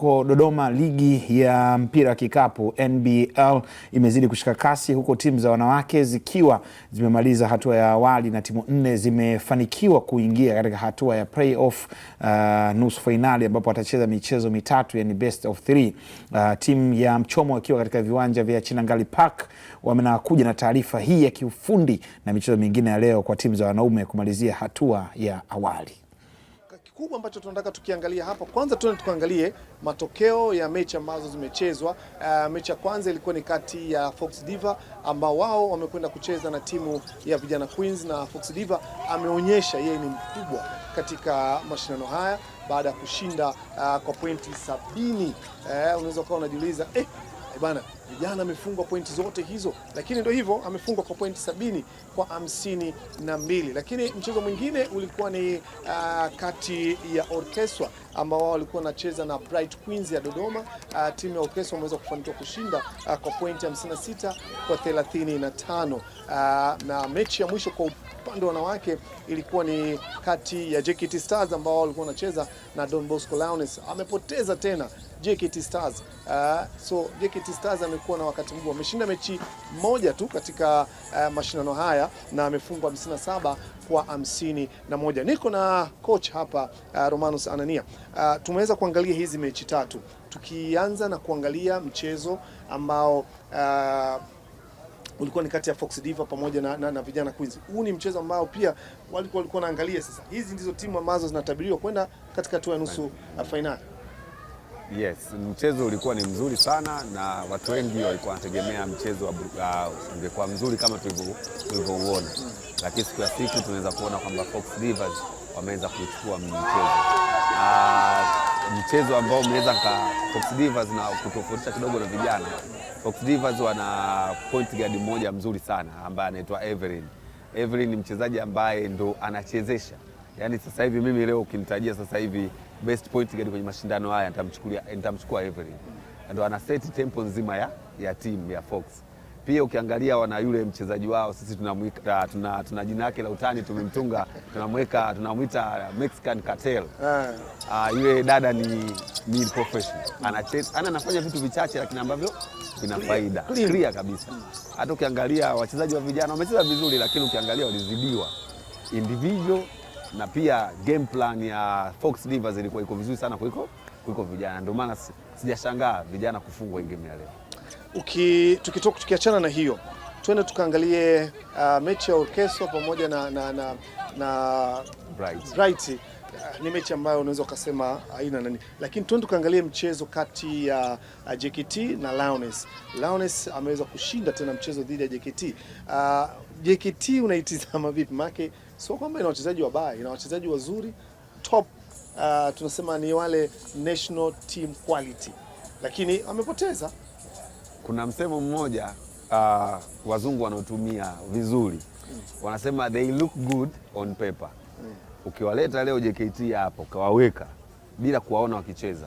huko Dodoma, ligi ya mpira wa kikapu NBL imezidi kushika kasi, huko timu za wanawake zikiwa zimemaliza hatua ya awali na timu nne zimefanikiwa kuingia katika hatua ya playoff uh, nusu fainali ambapo watacheza michezo mitatu, yani best of three. Uh, timu ya mchomo wakiwa katika viwanja vya Chinangali Park wamenakuja na taarifa hii ya kiufundi na michezo mingine ya leo kwa timu za wanaume kumalizia hatua ya awali kikubwa ambacho tunataka tukiangalia hapa, kwanza tuende tukaangalie matokeo ya mechi ambazo zimechezwa. Uh, mechi ya kwanza ilikuwa ni kati ya Fox Diva ambao wao wamekwenda kucheza na timu ya vijana Queens, na Fox Diva ameonyesha yeye ni mkubwa katika mashindano haya baada ya kushinda uh, kwa pointi sabini. Uh, unaweza ukawa unajiuliza eh, Eh bana, vijana amefungwa pointi zote hizo, lakini ndio hivyo, amefungwa kwa pointi sabini kwa hamsini na mbili. Lakini mchezo mwingine ulikuwa ni uh, kati ya Orkeswa ambao wao walikuwa wanacheza na Bright Queens ya Dodoma. Uh, timu ya Orkeswa wameweza kufanikiwa kushinda uh, kwa pointi 56 kwa 35. Uh, na mechi ya mwisho kwa upande wa wanawake ilikuwa ni kati ya JKT Stars ambao walikuwa wanacheza na Don Bosco Amepoteza tena JKT Stars Uh, so JKT Stars amekuwa na wakati mgumu, ameshinda mechi moja tu katika uh, mashindano haya na amefungwa 57 kwa 51. Niko na coach hapa uh, Romanus Anania. Uh, tumeweza kuangalia hizi mechi tatu tukianza na kuangalia mchezo ambao uh, ulikuwa ni kati ya Fox Diva pamoja na, na, na vijana Queens. Huu ni mchezo ambao pia walikuwa walikuwa naangalia sasa, hizi ndizo timu ambazo zinatabiriwa kwenda katika hatua ya nusu fainali. Yes, mchezo ulikuwa ni mzuri sana na watu wengi walikuwa wanategemea mchezo wa uh, mzuri kama tulivyouona, lakini siku ya siku tunaweza kuona kwamba Fox Rivers wameweza kuchukua mchezo uh, mchezo ambao umeweza Fox Rivers na kutofautisha kidogo na vijana. Fox Rivers wana point guard mmoja mzuri sana ambaye anaitwa Everin. Everin ni mchezaji ambaye ndo anachezesha yani sasa hivi mimi leo ukinitajia sasa hivi best point guard kwenye mashindano haya nitamchukulia nitamchukua Everin, ndio ana set tempo nzima ya, ya team ya Fox. Pia ukiangalia wana yule mchezaji wao sisi tunamwita tuna, tuna jina lake la utani tumemtunga tunamweka tunamwita Mexican Cartel. Ah, uh, yule dada ni ni professional. Ana ana anafanya vitu vichache lakini ambavyo vina faida. Clear kabisa. Hata ukiangalia wachezaji wa vijana wamecheza vizuri lakini ukiangalia walizidiwa individual na pia game plan ya Fox Rivers ilikuwa iko vizuri sana kuliko kuliko vijana, ndio maana sijashangaa vijana kufungwa game ya leo. Uki, tukitok, tukiachana na hiyo tuende tukaangalie uh, mechi ya Orkeso pamoja na, na, na, na Bright. Bright. Uh, ni mechi ambayo unaweza ukasema haina uh, nani, lakini twende tukaangalie mchezo kati ya uh, JKT na Lions. Lions ameweza kushinda tena mchezo dhidi ya JKT. Uh, JKT unaitizama vipi? Maana sio kwamba ina wachezaji wabaya, ina wachezaji wazuri top, uh, tunasema ni wale national team quality, lakini wamepoteza. Kuna msemo mmoja uh, wazungu wanaotumia vizuri mm. wanasema they look good on paper mm. Ukiwaleta leo JKT hapo ukawaweka bila kuwaona wakicheza,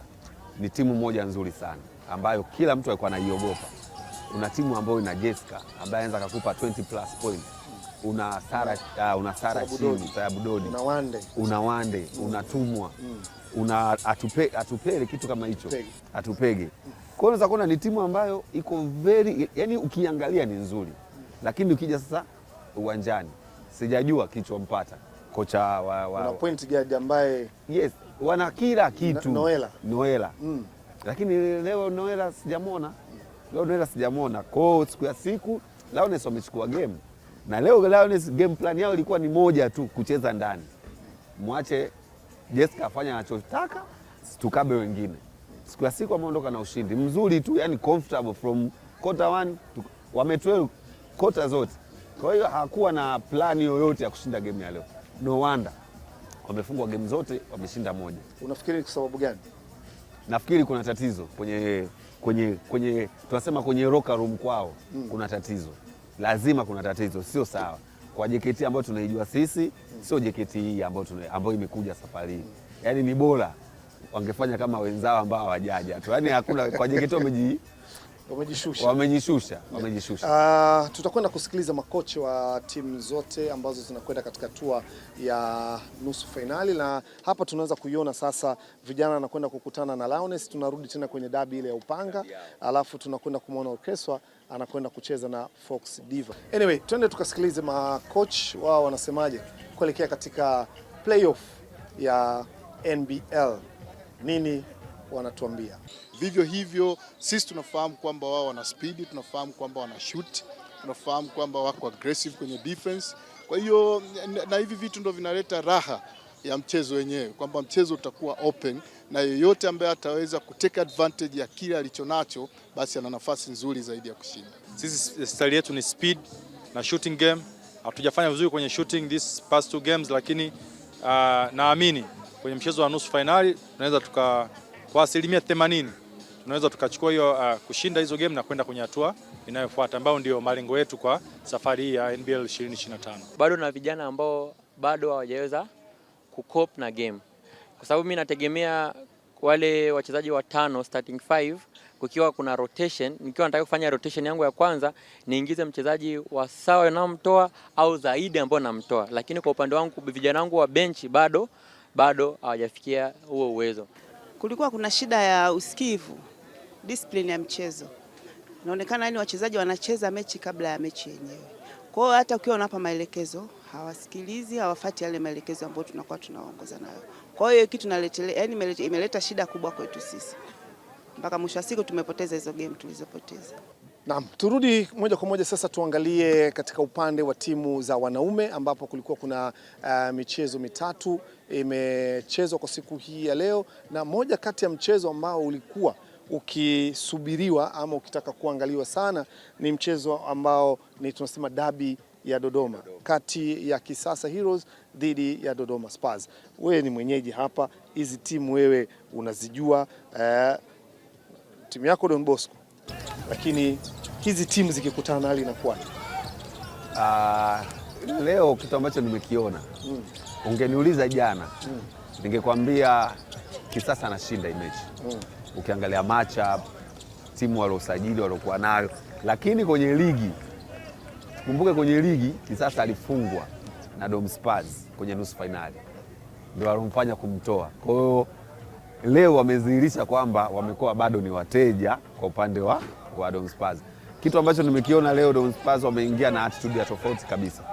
ni timu moja nzuri sana ambayo kila mtu alikuwa anaiogopa. Kuna timu ambayo ina Jeska ambaye anaweza kukupa 20 plus points una sara uh, mm. ah, una sara chini ya una wande, una wande mm. unatumwa mm. una atupe, atupele kitu kama hicho atupege. Mm. Kwa hiyo unaweza kuona ni timu ambayo iko very, yani ukiangalia ni nzuri mm. lakini ukija sasa uwanjani sijajua kilichompata kocha wa, wa, una point guard ambaye yes, wana kila kitu Noela, Noela. Mm. lakini leo Noela sijamwona, leo Noela sijamwona kwao siku ya siku Laones wamechukua game na leo Lions game plan yao ilikuwa ni moja tu, kucheza ndani, mwache Jessica afanya anachotaka, tukabe wengine. Siku ya siku wameondoka na ushindi mzuri tu, yani comfortable from quarter one, wametwel quarter zote. Kwa hiyo hakuwa na plani yoyote ya kushinda game ya leo. No wonder wamefungwa game zote, wameshinda moja. Unafikiri kwa sababu gani? Nafikiri kuna tatizo kwenye, kwenye, kwenye tunasema kwenye locker room kwao, hmm. kuna tatizo lazima kuna tatizo, sio sawa kwa JKT ambayo tunaijua sisi, sio JKT hii ambayo ambayo imekuja safari hii. Yani ni bora wangefanya kama wenzao ambao hawajaja tu, yani hakuna kwa JKT wameji wamejishusha wamejishusha wamejishusha. Uh, tutakwenda kusikiliza makocha wa timu zote ambazo zinakwenda katika hatua ya nusu fainali, na hapa tunaweza kuiona sasa vijana wanakwenda kukutana na Lions. Tunarudi tena kwenye dabi ile ya Upanga, alafu tunakwenda kumwona Okeswa anakwenda kucheza na Fox Diva. Anyway, twende tukasikilize makoch wao wanasemaje kuelekea katika playoff ya NBL nini wanatuambia. Vivyo hivyo sisi tunafahamu kwamba wao wana speed, tunafahamu kwamba wana shoot, tunafahamu kwamba wako aggressive kwenye defense. Kwa hiyo na hivi vitu ndo vinaleta raha ya mchezo wenyewe kwamba mchezo utakuwa open na yeyote ambaye ataweza kuteka advantage ya kile alichonacho basi ana nafasi nzuri zaidi ya kushinda. Sisi style yetu ni speed na shooting game. Hatujafanya vizuri kwenye shooting this past two games, lakini uh, naamini kwenye mchezo wa nusu finali tunaweza tuka kwa asilimia 80 tunaweza tukachukua hiyo uh, kushinda hizo game na kwenda kwenye hatua inayofuata ambayo ndio malengo yetu kwa safari hii ya NBL 2025. Bado na vijana ambao bado hawajaweza kukop na game, kwa sababu mimi nategemea wale wachezaji watano starting five, kukiwa kuna rotation, nikiwa nataka kufanya rotation yangu ya kwanza niingize mchezaji wa sawa namtoa au zaidi ambao namtoa, lakini kwa upande wangu vijana wangu wa benchi bado bado hawajafikia huo uwezo kulikuwa kuna shida ya usikivu discipline ya mchezo. Inaonekana yani wachezaji wanacheza mechi kabla ya mechi yenyewe. Kwa hiyo hata ukiwa unapa maelekezo hawasikilizi, hawafati yale maelekezo ambayo tunakuwa tunaongoza nayo. Kwa hiyo kitu naletelea, yani imeleta shida kubwa kwetu sisi, mpaka mwisho wa siku tumepoteza hizo game tulizopoteza. Naam, turudi moja kwa moja sasa tuangalie katika upande wa timu za wanaume ambapo kulikuwa kuna uh, michezo mitatu imechezwa kwa siku hii ya leo, na moja kati ya mchezo ambao ulikuwa ukisubiriwa ama ukitaka kuangaliwa sana ni mchezo ambao ni tunasema dabi ya Dodoma, Dodoma kati ya Kisasa Heroes dhidi ya Dodoma Spurs. Wewe ni mwenyeji hapa, hizi timu wewe unazijua, eh, timu yako Don Bosco, lakini hizi timu zikikutana hali inakuwaje? Uh, leo kitu ambacho nimekiona hmm. Ungeniuliza jana mm. ningekwambia Kisasa anashinda hii mechi mm. ukiangalia matchup, timu waliosajili waliokuwa nayo, lakini kwenye ligi kumbuke, kwenye ligi Kisasa alifungwa na Dom Spurs kwenye nusu fainali, ndio walomfanya kumtoa. Kwa hiyo leo wamedhihirisha kwamba wamekuwa bado ni wateja kwa upande wa, wa Dom Spurs, kitu ambacho nimekiona leo. Dom Spurs wameingia na attitude ya tofauti kabisa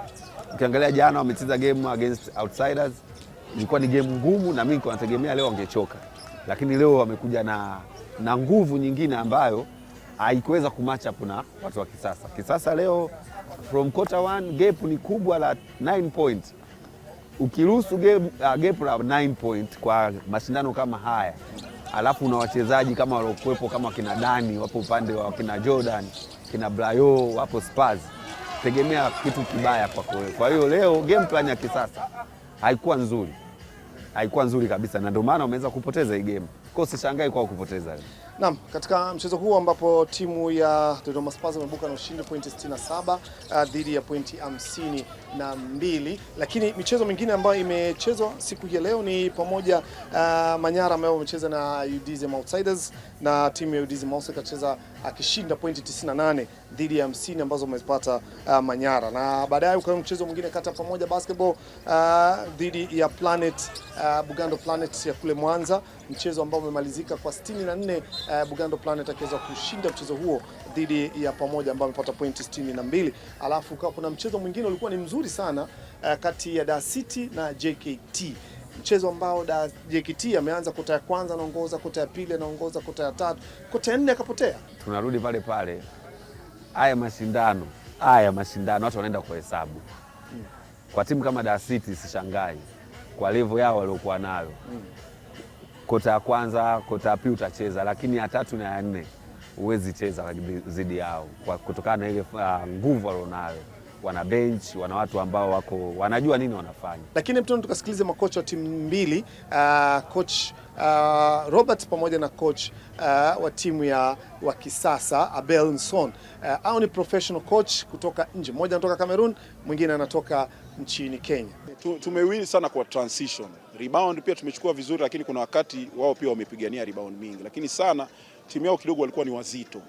ukiangalia jana wamecheza game against outsiders, ilikuwa ni game ngumu, na mimi nilikuwa nategemea leo wangechoka, lakini leo wamekuja na, na nguvu nyingine ambayo haikuweza kumatch up na watu wa Kisasa. Kisasa leo from quarter one gap ni kubwa la 9 point ukiruhusu gap, uh, gap la 9 point kwa mashindano kama haya, alafu una wachezaji kama waliokuwepo kama kina Dani wapo upande wa kina Jordan, kina Blayo wapo Spurs tegemea kitu kibaya kwako wewe. Kwa hiyo leo game plan ya kisasa haikuwa nzuri, haikuwa nzuri kabisa, na ndio maana umeweza kupoteza hii game kosi shangai kwa kupoteza. Naam, katika mchezo huu ambapo timu ya Dodoma Spurs imebuka na ushindi pointi 67 uh, dhidi ya pointi 52 na mbili, lakini michezo mingine ambayo imechezwa siku hii leo ni pamoja uh, Manyara ambayo wamecheza na UDSM Outsiders na timu ya UDSM Outsiders ikacheza akishinda uh, pointi 98 dhidi ya hamsini ambazo wamezipata uh, Manyara, na baadaye ukawa mchezo mwingine kata pamoja basketball uh, dhidi ya Planet uh, Bugando Planet ya kule Mwanza mchezo ambao umemalizika kwa 64 uh, eh, Bugando Planet akiweza kushinda mchezo huo dhidi ya pamoja ambao amepata pointi 62. Alafu kwa kuna mchezo mwingine ulikuwa ni mzuri sana uh, kati ya Dar City na JKT mchezo ambao da JKT ameanza kota ya kwanza anaongoza, kota ya pili anaongoza, kota ya tatu, kota ya nne akapotea. Tunarudi pale pale, haya mashindano haya mashindano watu wanaenda kuhesabu mm. Kwa timu kama Dar City sishangai kwa levo yao waliokuwa nayo mm kota ya kwanza, kota ya pili utacheza, lakini ya tatu na ya nne huwezi cheza zidi yao kwa kutokana na ile uh, nguvu walionayo wana bench wana watu ambao wako wanajua nini wanafanya. Lakini mtono, tukasikilize makocha wa timu mbili uh, coach uh, Robert pamoja na coach uh, wa timu ya wa kisasa Abel Nson uh, au ni professional coach kutoka nje, mmoja anatoka Cameroon, mwingine anatoka nchini Kenya. Tumewili sana kwa transition. Rebound pia tumechukua vizuri, lakini kuna wakati wao pia wamepigania rebound mingi, lakini sana timu yao kidogo walikuwa ni wazito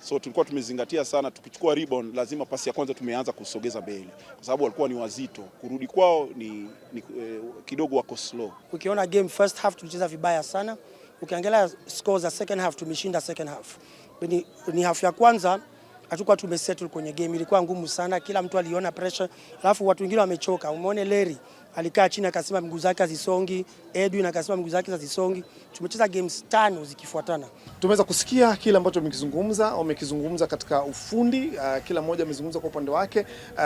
so tulikuwa tumezingatia sana, tukichukua rebound lazima pasi ya kwanza tumeanza kusogeza mbele, kwa sababu walikuwa ni wazito. Kurudi kwao ni, ni eh, kidogo wako slow. Ukiona game first half tulicheza vibaya sana, ukiangalia score za second half tumeshinda second half. Ni, ni half ya kwanza hatukuwa tumesettle kwenye game, ilikuwa ngumu sana, kila mtu aliona pressure, alafu watu wengine wamechoka. Umeone Leri alikaa chini akasema miguu zake hazisongi, Edwin akasema miguu zake hazisongi. Tumecheza games tano zikifuatana. Tumeweza kusikia kile ambacho wamekizungumza, wamekizungumza katika ufundi. Uh, kila mmoja amezungumza kwa upande wake. Uh,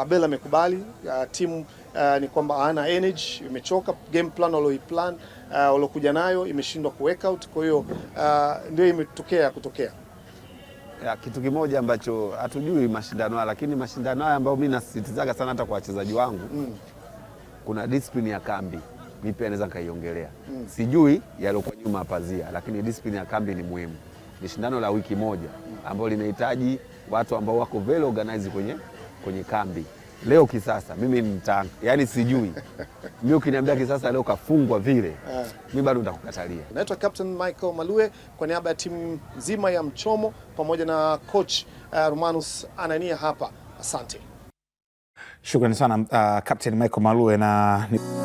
Abel amekubali uh, timu uh, ni kwamba ana energy, imechoka. Game plan walioiplan uh, waliokuja nayo imeshindwa ku work out, kwa hiyo uh, ndio imetokea kutokea ya kitu kimoja ambacho hatujui mashindano haya, lakini mashindano haya ambayo mimi nasisitizaga sana hata kwa wachezaji wangu mm. kuna discipline ya kambi mimi pia naweza nikaiongelea mm. sijui yaliokuwa nyuma pazia, lakini discipline ya kambi ni muhimu. Ni shindano la wiki moja ambalo linahitaji watu ambao wako well organized kwenye, kwenye kambi leo kisasa, mimi ni mtanga, yaani sijui mimi. Ukiniambia kisasa leo kafungwa vile, ah. mimi bado nitakukatalia. Naitwa Captain Michael Malue kwa niaba ya timu nzima ya Mchomo pamoja na coach uh, Romanus Anania hapa, asante. Shukrani sana uh, Captain Michael Malue na